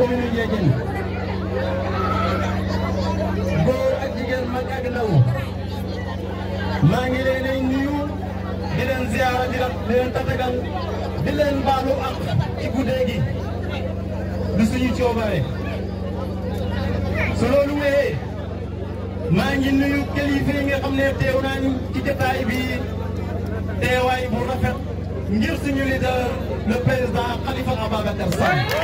commune Ndiédiène góor ak jigéen mag ak ndaw maa ngi leen di nuyu di leen ziara di leen tatagal di leen baalu ak ci guddee gi suñu coobare su loolu wéyee maa ngi nuyu kilifa yi xam ne teew nañ ci jotaay bi teewaay bu rafet ngir suñu leader le président Khalifa Ababacar Sall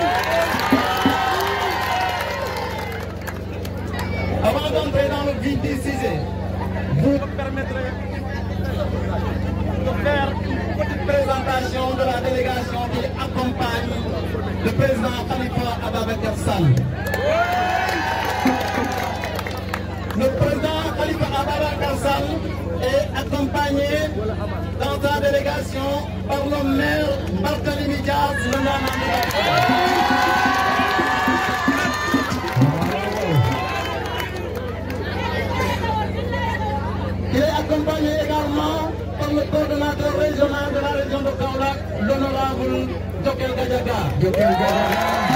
le président Khalifa Ababa est accompagné dans sa délégation par le maire Barthélémy Diaz, Il est accompagné également par le coordonnateur régional de la région de Kaolack, l'honorable Jokel Kadaka.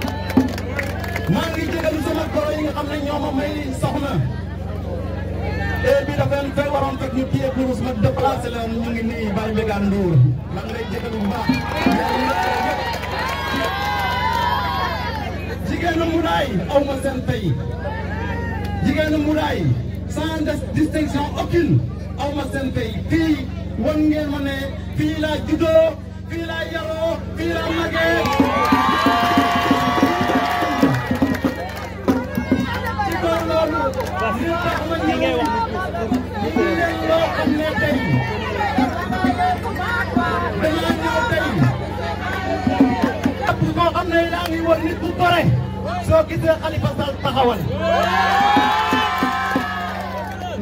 maa ngi jégalu sama goro yi nga xam ne ñoo ma may soxna heure bi dafa leen fee waroon fekk ñu téye kurus ma déplacé leen ñu ngi nii Baye Mbégane Ndour maa ngi lay jégalu bu baax. jigéenu Mbudaay aw ma seen fay jigéenu Mbudaay sans distinction aucune aw seen fay fii wan ne fii laa juddoo fii laa yaroo fii laa màggee. soo gisee Khalifa Sall taxawal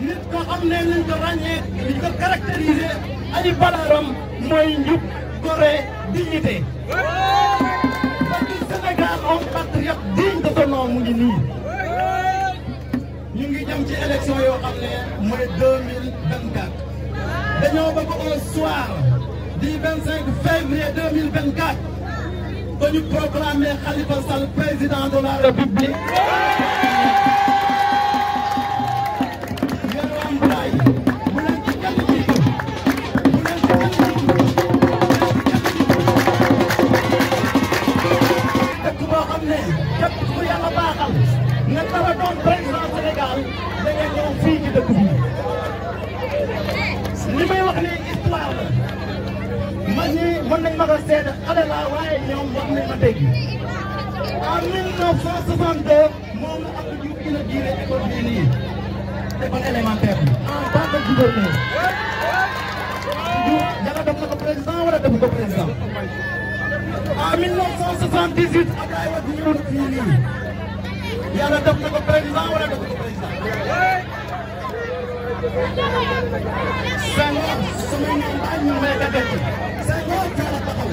nit ko xam ne nañ ko ràññee li ko caractériser aji balaaram mooy njub gore dignité parce que Sénégal un patriote digne de son nom mu nii élection yo au ne 2024, 2024. Et nous au soir du 25 février 2024. mille proclamer Khalifa Sall président de la République. naka la doon président Sénégal da nga ñëw fii ci dëkk bi li may wax ni histoire la man ñi mën nañ ma ko seede xale laa waaye ñoom wax nañ ma dégg en 1962 moom a Abdou é o ki la jiire école bii nii école élémentaire en que gouverneur Diouf danga def na ko président wala 1978 a Wade ñëwoon fii yàlla def na ko président wala def ko président. Senghor su ma ñëw baal ñu may dëgg Senghor jaara taxaw.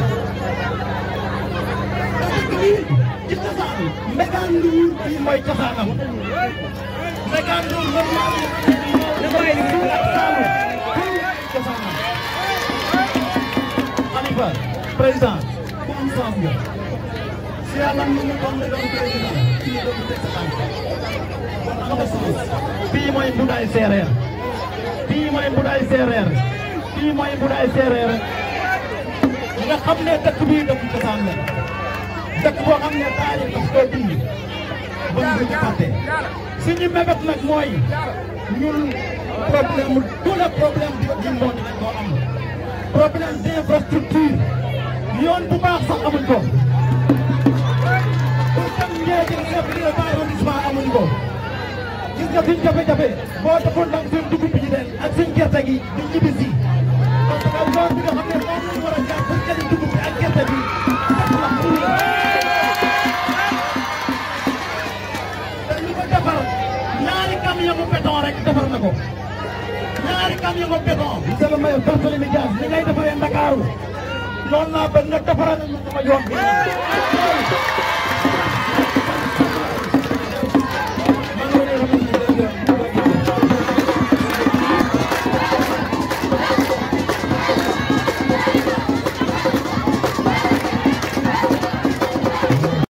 dëgg bi ci cosaan Mbégaan Ndour bii mooy cosaanam. Mbégaan Ndour moom yaa ngi dafay saamu cosaanam. Xalifa président ku am sens nga. সে আল্লাহ বন্ধে বন্ধ করে bii mooy Mboudaye Seereer bii mooy Mboudaye Seereer bii mooy Mboudaye Seereer nga xam ne dëkk bii dëkk cosaan la dëkk boo xam ne taarix daf koo bind ba mu duñu fàtte suñu mébét nag mooy ñun problème tout le problème gis nga suñ jafe-jafe boo defoon nag suñ dugub ji leen ak suñ gerte gi di ñibbi si parce que loolu bi nga xam ne moom lañ war a jàpp pour jëli dugub bi ak gerte bi te li ko defar ñaari camion bu béton rek defar na ko ñaari camion bu béton monsieur le maire Barthélémy Dias li ngay defaree Ndakaaru loolu laa bëgg nga defaral ñu sama yoon bi